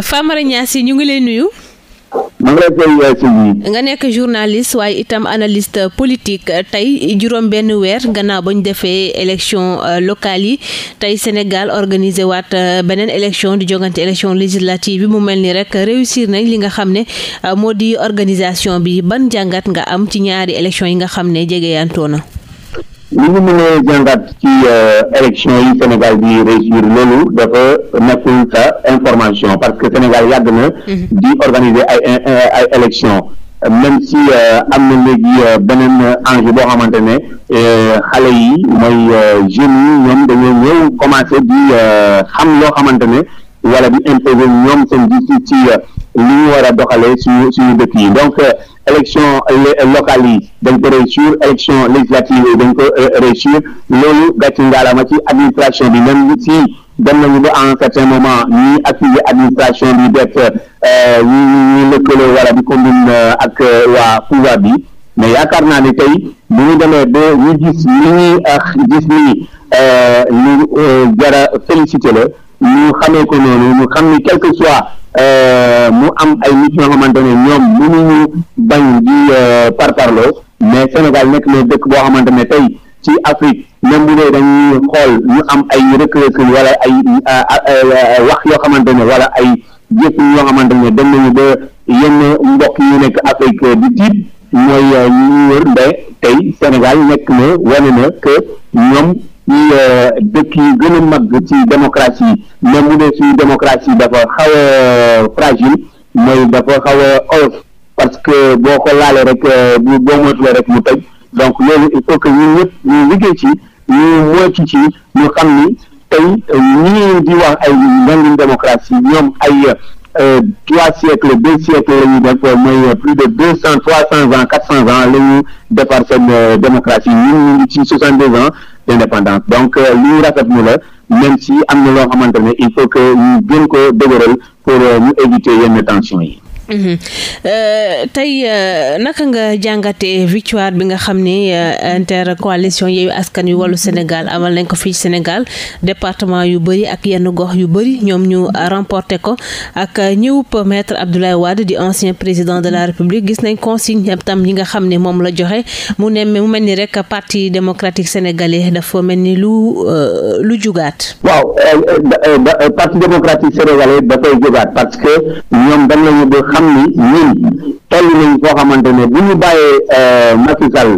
Famara yi ñu ngi lay nuyu. nga nekk journaliste waaye itam analyste politique tey juróom benn weer gannaaw ba ñu defee élection euh, locale yi tey Sénégal organisé waat euh, beneen élection di jogante élection législative bi mu mel ni rek réussir nañ li nga xam ne euh, moo di organisation bi ban jàngat nga am ci ñaari élection yi nga xam ne jegeyantoo na li ñu mën a jàngat ci euh, élection yi Sénégal di réussir loolu dafa nekkul sa information parce que Sénégal yàgg na mhm. di organiser ay ay élection euh, am na léegi euh, beneen enjeu boo xamante ne xale yi mooy jeunes yi ñoom dañoo ñëw commencé di xam loo xamante ne wala di imposer ñoom seen ci li ñu war a doxalee si suñu dëkk yi donc euh, élection locale yi dañ ko réussir élection législative yi dañ ko euh, réussir loolu gàcce ngaalama ci administration bi même si dem nañu ba à un certain moment ñuy accuser administration bi def ñu ñu lëkkaloo wala di commune euh, ak waa pouvoir bi mais yaakaar naa ne tey bu ñu demee ba ñu gis li ñuy gis félicité la ñu xamee ko noonu ñu ni quel que Euh, mu am ay nit ñoo xamante ne ñoom mënuñu bañ di euh, parparloo mais Sénégal nekk na dëkk boo xamante ne tey ci Afrique même bu dee dañuy xool ñu am ay rëkk-rëkk wala ay wax yoo xamante ne wala ay jëf yoo xamante ne dem nañu ba yenn mbokk yu nekk Afrique di tiit mooy euh, ñu wër nde tey Sénégal nekk na wane na que ñoom ci euh, dëkk yi gën a mag ci démocratie même mu ne suñu démocratie dafa xaw a euh, fragile mooy dafa xaw a parce que boo ko laalee rek euh, bu boo moytulee rek mu tëj donc loolu il faut que ñun ñëpp ñu liggéey ci ñu moytu ci ñu xam ni tey ñii di wax ay njàngin démocratie ñoom ay Euh, trois siècles deux siècles la ñuy def mooy plus de deux cent trois cent ans quatre cent ans la ñu defar seen euh, démocratie ñun ñu ngi ci soixante deux ans d'indépendance donc euh, lu rafetlu la même si am na loo xamante ne il faut que ñu gën ko dëgëral pour ñu éviter yenn tension yi Mhm. Euh, tey euh, naka nga jàngatee victoire bi nga xam ne euh, intercoalition Yewwi Askan Wi Wallu Sénégal amal nañ ko fii Sénégal département yu bëri ak yenn gox yu bëri ñoom ñu remporté ko ak ñëwup maître Abdoulaye Wade di ancien président de la République gis nañ consigne tam yi nga xam ne moom la joxe mu ne mu mel ni rek parti démocratique sénégalais dafa mel ni lu lu jugaat. waaw parti démocratique sénégalais dafay jugaat parce que ñoom dañ lañu xam ni ñun toll nañ koo xamante ne bu ñu bàyyee euh, Macky Sall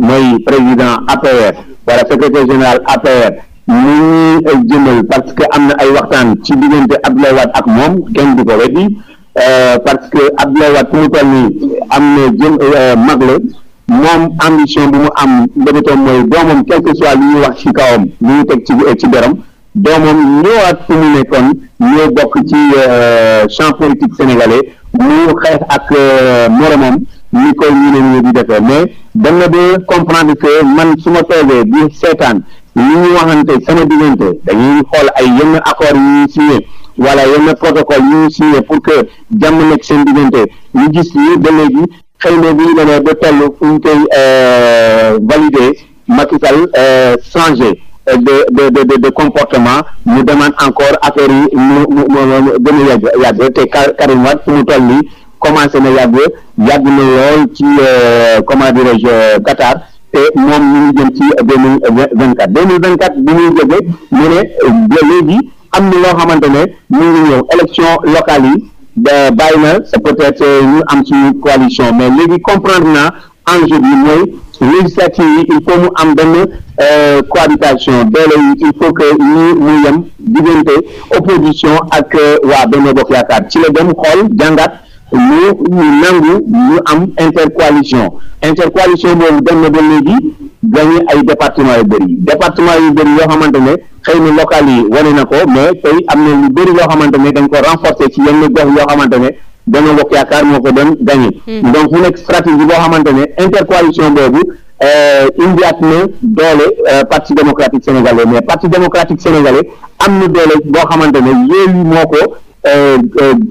mooy président APR wala secrétaire général APR ñu ñuy jëmal parce que am na ay waxtaan ci diggante Abdoulaye Wade ak moom kenn du ko weddi euh, parce que Abdoulaye Wade mu toll nii am na jëm euh, mag la moom ambition bu mu am mbébétoom mooy doomam quel que soit li ñuy wax ci kawam li ñu teg ci ci deram doomam ñëwaat fu mu nekkoon ñoo bokk ci champ politique sénégalais mu xeex ak euh, moromam ni koy ñeneen ñi di defee mais danga de comprendre que man su ma bi di seetaan li ñu waxante sama diggante dañuy xool ay yenn accord yu ñuy signé wala yenn protocole yu ñuy signé pour que jàmm nekk seen diggante ñu gis ni ba léegi xëy na bu ñu demee ba toll fu ñu koy euh, valider Macky Sall euh, changé Euh, de de de de comportement mu demande encore affaire yi mu mu mu gën a yàgg yàgg te Karim Wade fu mu toll nii commencé na yàgg yàgg na lool ci euh, comment dirais-je euh, Qatar te moom ñu ngi jëm ci deux mille vingt quatre deux mille vingt quatre bi muy jóge mu ne léegi am na loo xamante ne mu ngi ñëw élection locale yi da bàyyi na c'est peut-être ñu am ci coalition mais léegi comprendre na enjeu bi mooy législative yi il faut mu am benn euh, cohabitation doole yi il faut que ñu mu yem diggante opposition ak euh, waa Benno Bokk Yaakaar ci la dem xool jàngat ñu ñu nangu ñu am intercoalition intercoalition boobu dem na ba léegi gagné ay département yu bëri département yu bëri yoo xamante ne xëy na local yi wane na ko mais tey am na lu bëri loo xamante ne dañ ko renforcer ci yenn gox yoo xamante ne Benno Bokk Yaakaar moo ko doon gagné. Hmm. donc mu nekk stratégie boo xamante ne intercoalition boobu euh, indiwaat na doole euh, parti démocratique sénégalais mais parti démocratique sénégalais am na doole boo xamante ne yooyu moo ko euh,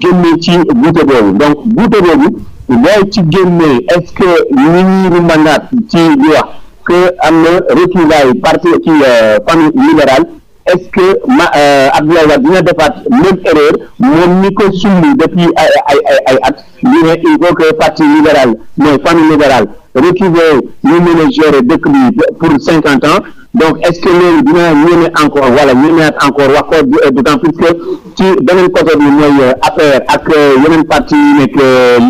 génne ci guute boobu donc guute boobu booy ci génne est que ñu ñuy rumbandaat ci di wax que am na retrouvaille parti ci famille libérale est-ce que ma euh, Abdoulaye Wade dina defaat même erreur moom ni ko sumb depuis ay ay ay ay at ñu ne il faut que parti libéral mais famille libérale retrouver ñu mën a gérer dëkk bi pour cinquante ans donc est-ce que loolu dina ñëme encore wala ñëmeat encore wax ko d'autant plus que ci beneen côté bi mooy euh, affaire ak euh, yeneen parti yi nekk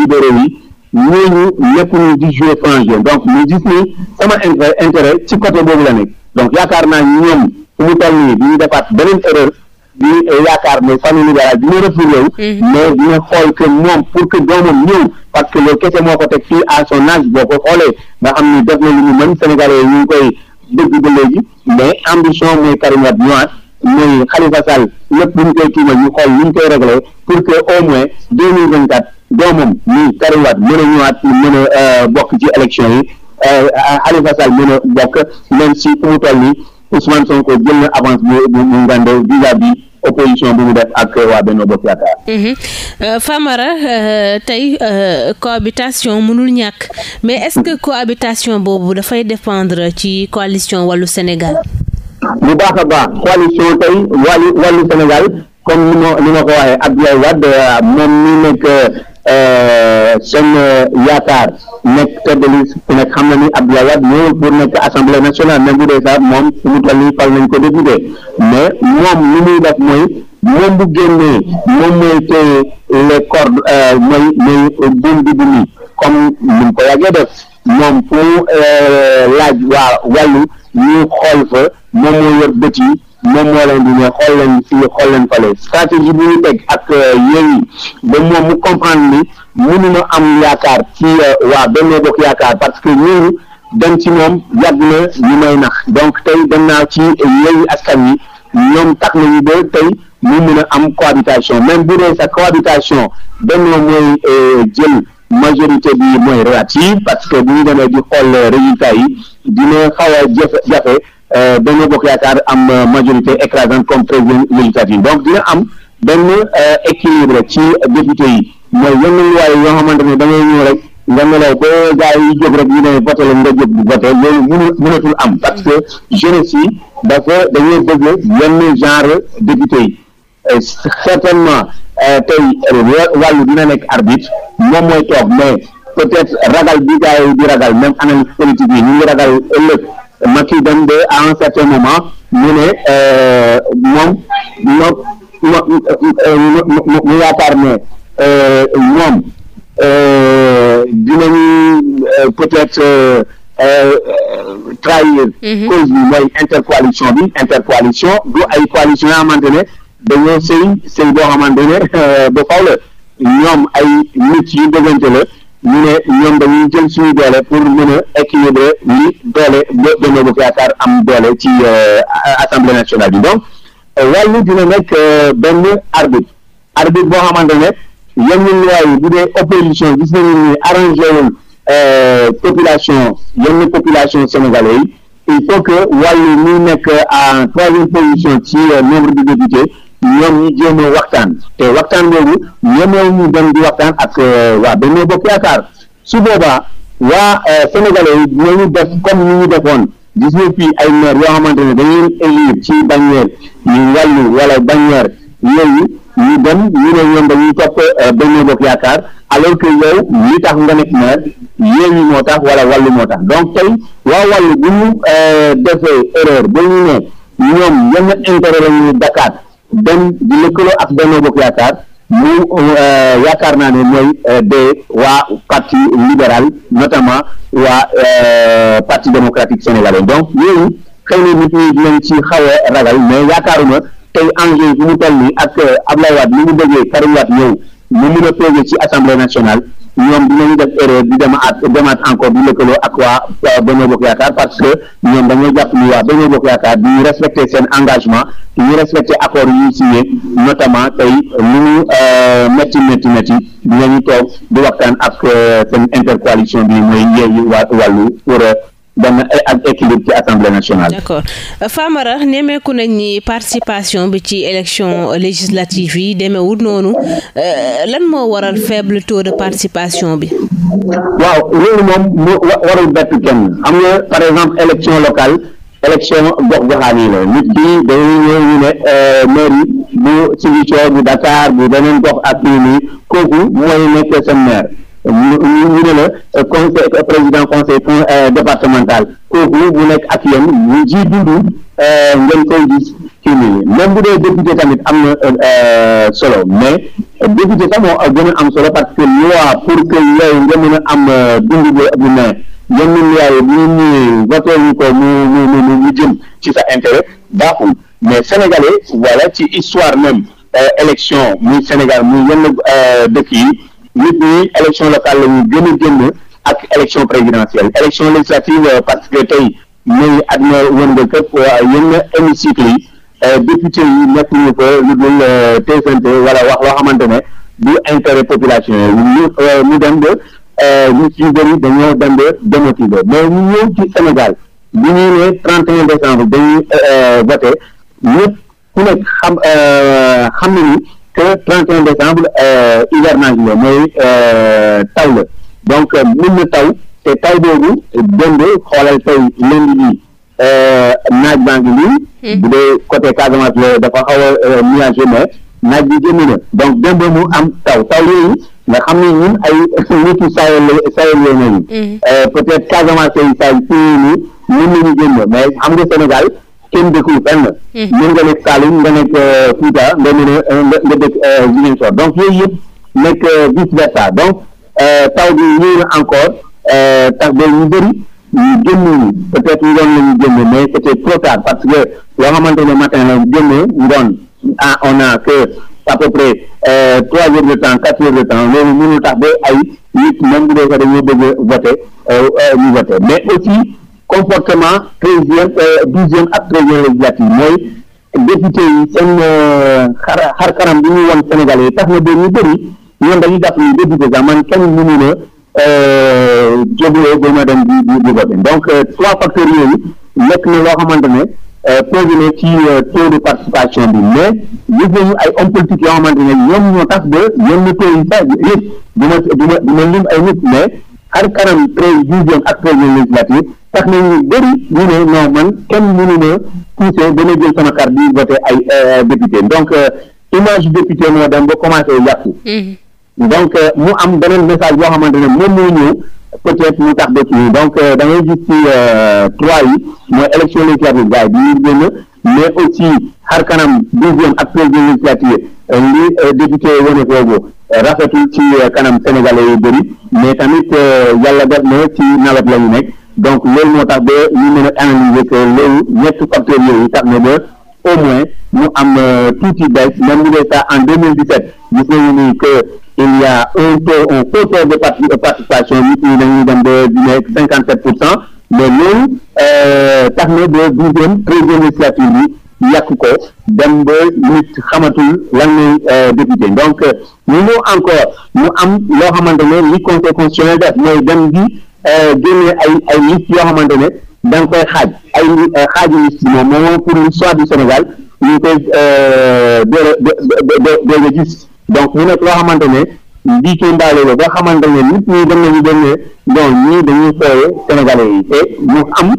libéraux yi ñooñu nekkuñu di jouer franc jeu donc ñu gis sama intérêt ci côté boobu la nekk donc yaakaar naa ñoom su mu toll nii ñu defaat beneen erreur ñu yaakaar ne famille libérale bi ñu refusé wu. Mhm. mais dina xool que moom pour que doomam ñëw parce que loolu kese moo ko teg fii à son âge boo ko xoolee nga xam ni def na lu ñu mën Sénégalais ñu ngi koy dégg ba léegi mais ambition mooy Karim Wade ñëwaat mooy Khalifa Sall lépp lu ñu koy tuumal ñu xool lu ñu koy réglé pour que au moins deux mille vingt quatre doomam muy Karim Wade mën a euh, bokk ci élection yi euh, Khalifa Sall a bokk même si fu mu toll Ousmane Sonko jël na avance bu bu Ngande vis-à-vis bu mu def ak waa Benno Bokk Yaakaar. Mhm. Euh, Famara euh, tey euh, cohabitation mënul ñàkk mais est-ce que cohabitation boobu dafay dépendre ci coalition wallu Sénégal. bu baax a baax coalition tey wàllu wàllu Sénégal comme ni ma ni ma ko waxee Abdoulaye Wade moom mi nekk. Euh, seen euh, yaakaar nekk tête de liste nekk xam na ni Abdoulaye Wade ñëwul pour nekk assemblée nationale même bu dee sax moom su mu toll nii nañ ko député mais moom li muy def mooy moom bu génnee moom mooy téye les cordes euh, ko yàggee def moom fu laaj waa wàllu ñu xool fa moom mooy yor bët yi moom moo leen di ne xool leen fii xool leen fale stratégie bu ñu teg ak euh, yooyu ba moom mu comprendre ni mënuma am yaakaar ci euh, waa Benno Bokk Yaakaar parce que ñooñu dem ci moom yàgg na ñu may nax donc tey dem naa ci yooyu askan yi ñoom tax nañu ba tey mu mën a am cohabitation même bu dee sa cohabitation Benno mooy euh, jël majorité bi mooy relative parce que bu ñu demee di xool résultat yi dina xaw a jafe jafe Euh, Benno Bokk Yaakaar am euh, majorité écrasante comme président législative donc dina am benn euh, équilibre ci député yi mooy yenn luwaay yoo xamante ne da ngay ñëw rek nga nelaw ba gars yi jóg rek ñu ne voté la nga jóg bu voté loolu mënu mënatul am parce que jeunesse yi dafa dañoo bëgg yenn genre député yi certainement tey wàllu dina nekk arbitre moom mooy toog mais peut-être ragal bi gars yi ragal même analyse politique yi ñu ngi ragal ëllëg ma Macky dem ba à un certain moment mu ne euh, moom moom mu mu yaakaar ne euh, moom euh, dinañu peut-être trahir mm-hmm. bi mooy intercoalition bi intercoalition du ay coalition yoo xamante ne dañoo sëy sëy boo xamante ne ba faw ay nit yu dëggante la ñu ne ñoom dañuy jël suñu doole pour mën a équilibrer li doole ba Benno Bokk am doole ci euh, assemblée nationale bi donc wàllu dina nekk euh, benn arbitre arbitre boo xamante ne yéen ñun waaye bu dee opposition gis nañu ni arrangé wul euh, population yenn population sénégalais yi il faut que wàllu muy nekk en troisième position ci nombre de députés ñoom ñu jéem waxtaan te waxtaan boobu ñoom ñu dem di waxtaan ak euh, waa Benno Bokk Yaakaar su boobaa waa euh, sénégalais yi dinañu def comme ni ñu defoon gis nga fii ay maire yoo xamante ne dañuy élire ci bannière ñu wàllu wala bannière yooyu ñu dem ñu ne ñoom dañuy topp euh, Benno Bokk Yaakaar alors que yow li tax nga nekk maire yooyu moo tax wala wàllu moo tax donc tey waa wàllu bu ñu defee erreur ba ñu ne ñoom yenn intérêt la ñuy Dakar dem di lëkkaloo ak Benno Yaakaar mu euh, yaakaar naa ne mooy euh, de waa parti libéral notamment waa euh, parti démocratique sénégalais donc yooyu xëy na nit ñi dinañ ci xaw a ragal mais yaakaaruma tey enjeu bi mu toll nii ak Ablaye Wade ni mu déggee Karim Wade ñëw mu mën a peser ci assemblée nationale ñoom dinañu def erreur di dema at demaat encore di lëkkaloo ak waa Benno Bokk Yaakaar parce que ñoom dañoo jàpp ni waa Benno Bokk Yaakaar di ñu respecté seen engagement di ñu respecté accord yu ñu signé notamment tey lu mu euh, métti métti métti dinañu toog di waxtaan ak euh, seen intercoalition bi mooy Yewwi Wallu pour benn ak équilibre ci assemblée nationale. d'accord Famara nemmeeku nañ ni participation bi ci élection législative yi demeewul noonu euh, lan moo waral faible taux de participation bi. waaw loolu moom mu warul bett kenn xam nga par exemple élection locale élection gox goxaan yi la nit ki dañuy ñëw ne euh, mairie bu Ziguinchor bu Dakar bu beneen gox ak fii nii kooku mooy nekk seen maire. ñu ne la euh, conseil euh, président conseil euh, départemental kooku bu nekk ak yéen ñu ji dundu ngeen koy kii nii même bu dee député tamit am na solo mais député sax am solo parce que mën a am dundu bu bu mu mu mu mu jëm ci sa intérêt baaxul mais sénégalais voilà ci histoire même élection muy Sénégal mu yenn dëkk yi. nit ñi élection locale la ñu gën a génn ak élection présidentielle élection législative euh, parce que tey ñooy at na wërnga këpp euh, yenn hémicycle yi euh, député yi nekk ko lu dul teesante wala wax loo xamante ne du intérêt population yi ñu ñu dem ba ñu ci bëri dañoo dem ba démotivé mais ñu ñëw ci Sénégal bu ñuy ne 31 décembre dañuy voté ñëpp ku nekk xam xam na ni que 31 décembre euh, hivernage la mooy euh, taw la donc euh, mën taw te taw boobu démb xoolal tey lundi bi naaj baa ngi nii hmm. bu Casamance la dafa xaw a nuagé naaj bi génn donc démb mu am taw taw yooyu nga xam ne ñun ay nitu sayel sayel yooyu nañu hmm. peut-être Casamance yi say si nii mën nañu génn mais xam nga Sénégal kenn dëkkul fenn. mën hmm. nga nekk Saloum nga nekk euh, Fouta nga mën a euh, nga dëkk euh, Ziguinchor donc yooyu yëpp nekk vice ta donc taw bi ñëw na encore tax ba ñu bëri ñu génnoon peut-être ngoon la ñu génne mais c'était trop tard parce que loo xamante ne matin la génne ngoon ah on a que à peu près trois heures de temps quatre heures de temps loolu mënul tax ba ay nit même bu dee ko dañoo bëgg voter ñu voter mais aussi. comportement treizième euh, douzième ak treizième législative mooy député yi seen euh, xar xar kanam bi ñu won Sénégalais yi tax na ba ñu bëri ñoom dañuy jàpp ni député sax man kenn mënu la euh, jógee gën a dem di di di donc trois facteurs yooyu nekk na loo xamante ne posé na ci taux de participation bi mais gis nañu ay hommes politiques yoo xamante ne ñoom ñoo tax ba yenn taux yi sax du ma du ma du lim ay nit mais xar kanam treize douzième ak treizième législative tax na ñu bëri ñu ne non man kenn mënu ma poussé dana jël sama carte di ay euh, député donc euh, image député moo dem ba commencé yàqu mm-hmm. donc euh, mu am beneen message boo xamante ne moom moo ñëw peut-être mu tax dëkk donc dangay ngay gis trois yi mooy élection législative gars yi bi ñu génn mais aussi xar kanam deuxième ak président législative li député wane foofu rafetul ci kanam sénégalais yu bëri mais tamit yàlla def na ci nawet la ñu nekk donc loolu moo tax ba ñu mën a analyser que loolu ñetti facteurs yooyu tax au moins ñu am euh, tuuti baisse même bu dee ça en 2017 gis nañu ni que il y a un taux un faux taux de participation nit ñi dañuy dem ba cinquante sept pour cent mais loolu euh, tax na ba douzième treizième législature bi yàq ko dem ba nit xamatul euh, député donc ñu ñëw encore ñu am loo xamante ne li conseil constitutionnel def mooy dem Euh, génne ay ay liste yoo xamante ne da koy xaaj ay euh, xaaju liste moom moom pour l'histoire du Sénégal ñu ngi euh, donc mu nekk loo xamante ne bii koy ndaale la boo xamante ne nit ñi dem nañu dem ne bon ñii dañuy fooye Sénégalais yi te mu am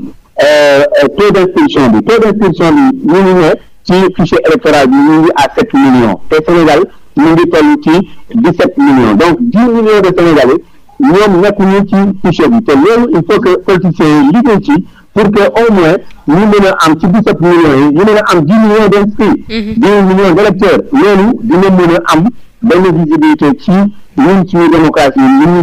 taux d'inscription bi taux d'inscription bi ñu ngi ne ci fichier électoral bi ñu ngi à sept millions te Sénégal mu ngi toll ci dix sept millions donc dix millions de Sénégalais ñoom nekk ci fichier bi te loolu il faut que politiciens yi liggéey ci pour que au moins ñu mën a am ci dix-sept millions a am dix millions d'inscrits mhm. dix millions d'électeurs loolu dina mën a am benn visibilité ci ñun suñu démocratie yi ñu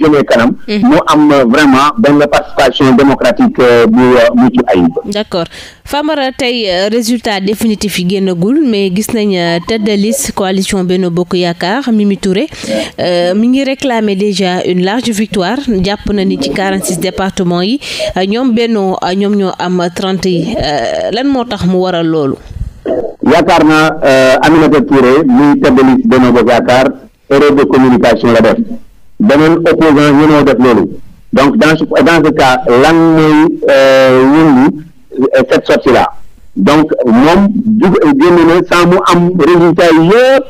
jëmee kanam. Mhm. mu am vraiment benn participation démocratique euh, bu mucc euh, ayib. d'accord Famara tey euh, résultat définitif yi génnagul mais gis nañ tête de liste coalition Benno Bokk Yaakaar mi Mimi Touré mi ngi réclamer déjà une large victoire jàpp na ni ci 46 départements yi ñoom Benno ñoom ñoo am 30 yi lan moo tax mu waral loolu. yaakaar na Aminata Touré muy tête de Bokk Yaakaar. erreur de communication la def beneen opposant ñënoo def loolu donc dans ce dans ce lan mooy euh, yëngu euh, cette sortie là donc moom dug génn na sans mu am résultat yëpp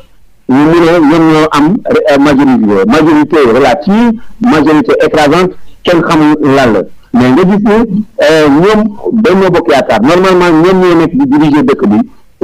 ñu mu ne ñoom ñoo am euh, majorité majorité relative majorité écrasante kenn xamul lan la mais nga gis ne ñoom Benno Bokk normalement ñoom nekk di diriger dëkk bi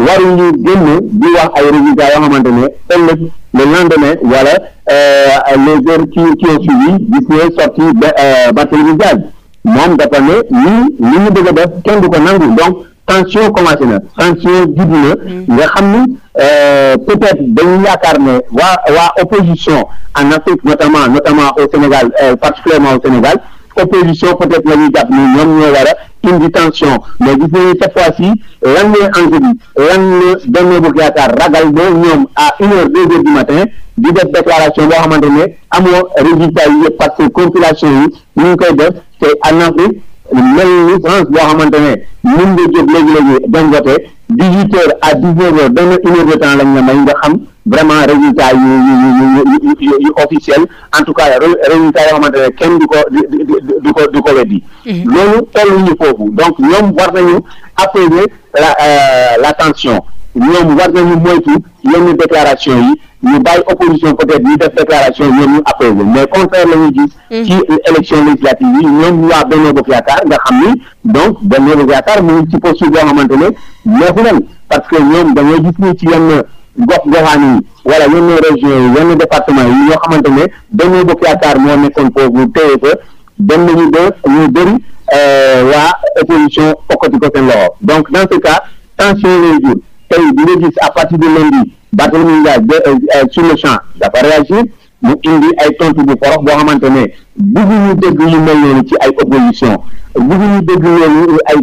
waruñu génn di wax ay résultats yoo xamante ne ëllëg le lendemain wala euh, les heures qui qui ont suivi gis sorti euh, Barthélémy Diaz moom dafa ne lii li ñu bëgg def kenn du ko nangu donc tension commencé na tension judd na mm. nga xam ni euh, peut-être dañu yaakaar ne waa waa opposition en Afrique notamment notamment au Sénégal particulièrement au Sénégal opposition peut être la ñuy ni ñoom ñoo war a indi tension mais gis nañu cette fois ci lan mooy enjeu bi lan la Benno ragal ba ñoom à une heure deux heures du matin di def déclaration boo xamante ne amoo résultat yi yëpp parce que compilation yi ñu ngi koy def te annonce mel ni France boo xamante ne mën nga jóg léegi-léegi dem vote dix huit heures à dix neuf heures benn une heure de temps lañ la may nga xam vraiment résultat yu yu yu yu officiel en tout cas résultat yoo xamante ne kenn du ko du du ko du ko weddi mhm. loolu tolluñu foofu donc ñoom war nañu apaiser la euh, la tension ñoom war nañu moytu yenn déclaration yi ñu bàyyi opposition peut-être ñu def déclaration ñoom ñu apaiser mais contraire la ñu gis mhm. ci élection législative yi ñoom waa Benno Bokk nga xam ni donc Benno Bokk Yaakaar mu ngi ci posture boo xamante ne neexu leen parce que ñoom dañoo gis ni ci yenn gox goxaan yi wala yenn région yenn département yi ñoo xamante ne dañoo bokk yaakaar moo nekkoon foofu téye fa dem nañu ba ñu bëri euh, waa opposition fokkati ko seen loxo donc dans ce cas tension lay jur tey bi nga gis à partir de lundi Barthélémy Dias euh, euh, sur le champ dafa réagir mu indi ay tontu bu forox boo xamante ne bëgguñu dégg yu mel noonu ci ay opposition bëgguñu dégg loolu ay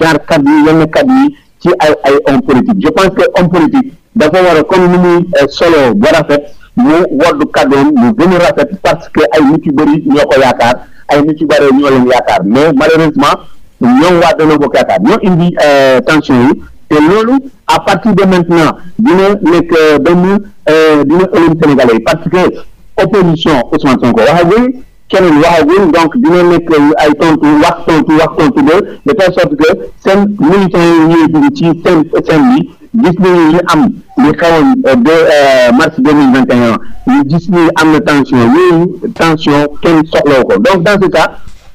genre kaddu yi yenn kaddu yi ci ay ay homme politique je pense que homme politique dafa war a comme ni euh, solo ba rafet mu wodd kàddoom mu gën a rafet parce que ay nit yu bëri ñoo ko yaakaar ay nit yu bëri ñoo leen yaakaar mais malheureusement ñoom waa Benno Bokk Yaakaar ñoo indi euh, tension yi te loolu à partir de maintenant dina nekk euh, benn dina ëllëg Sénégalais yi parce que opposition Ousmane Sonko wax ak kenn waxagul donc dina nekk ay tontu wax tontu wax tontu ba de telle sorte que seen militants yi ñuy dugg ci seen scène bi gis nañu ñu am li xewoon euh, de euh, mars deux mille vingt et am na tension yooyu tension kenn soxlawu ko donc dans ce cas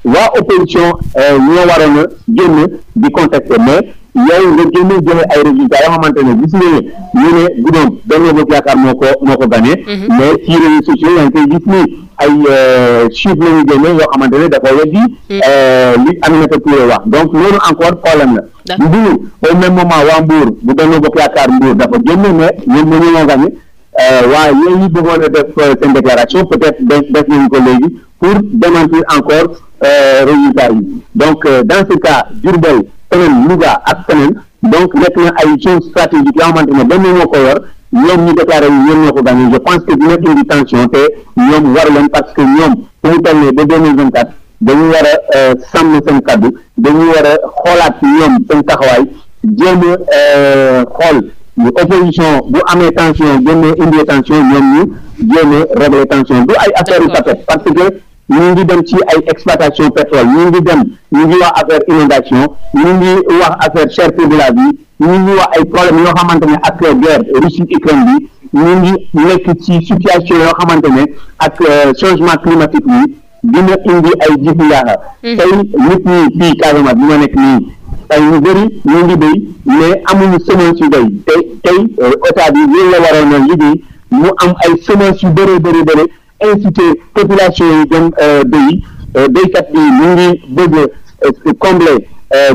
waa opposition euh, ñoo waroon a génn di contester mais yow nga génne joxe ay résultats yoo xamante ne gis nga ne ñu ne bu doon benn bokk yaakaar moo ko moo ko gagné mhm. mais ci réseaux sociaux yaa ngi koy gis ni ay euh, chiffres la ñu génne yoo xamante ne dafa weddi mhm. euh, li Aminata Touré wax donc loolu encore problème la Mbour au même moment waa Mbour bu benn bokk yaakaar Mbour dafa génne mais ñoom ñoo ñoo gagné euh, waaye yooyu bëggoon a def seen déclaration peut-être def nañu ko léegi pour démentir encore résultats yi donc dans ce feneen Louga ak feneen donc nekk na ay zone stratégique yoo xamante ne benn moo ko yor ñoom ñu déclaré ñoom ñoo ko gagné je pense que dina indi tension te ñoom waru leen parce que ñoom fu mu toll nii ba deux mille vingt quatre dañu war a euh, sàmm seen kaddu dañu war xoolaat ñoom seen taxawaay jéem a euh, xool opposition bu amee tension jéem a indi tension ñoom ñu jéem a régler du ay affaire yu tapet parce que ñu ngi dem ci ay exploitation pétrole ñu ngi dem ñu ngi wax affaire inondation ñu ngi wax affaire cherté de la vie ñu ngi wax ay problème yoo xamante ne ak euh, guerre Russie Ukraine bi ñu ngi nekk ci situation yoo xamante ne ak euh, changement climatique bi dina indi ay jiitu yaaxa mm-hmm. tey nit ñi fii Casamance bi nekk nii tey ñu bëri ñu ngi béy mais amuñu semence yu béy tey tey euh, état bi loolu la waroon a liggéey mu am ay semence yu bëree bëri bëri inciter population yi dem euh, béyi euh, béykat bi mu ngi bëgg euh, combler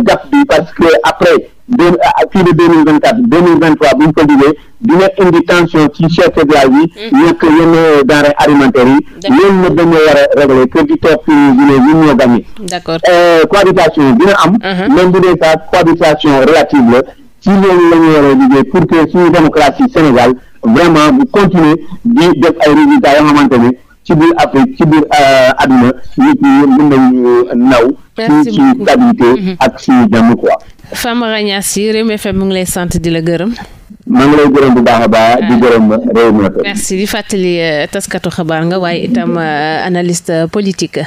gap bi parce que après deux fii de deux mille vingt quatre deux mille vingt trois bu ñu ko liggéey dina indi tension ci cherté de la vie ñekk yenn denrées alimentaires yi loolu na dañoo war a régler que di toog fii ñu ñun ñoo gagné cohabitation dina am mm-hmm. même bu dee sax cohabitation relative la ci loolu la ñu war a liggéey pour que suñu démocratie Sénégal vraiment bu continuer di def ay résultats yoo xamante ne ci biir Afrique ci biir euh, àdduna nit ñi nañu euh, naw ci ci stabilité mm-hmm. ak ci jàmm quoi Famara Niasse Rewmi FM mu ngi lay sant di la gërëm maa gërëm bu baax a baax di ah. gërëm Rewmi merci di fàttali euh, taskatu xabaar nga waaye itam analyste politique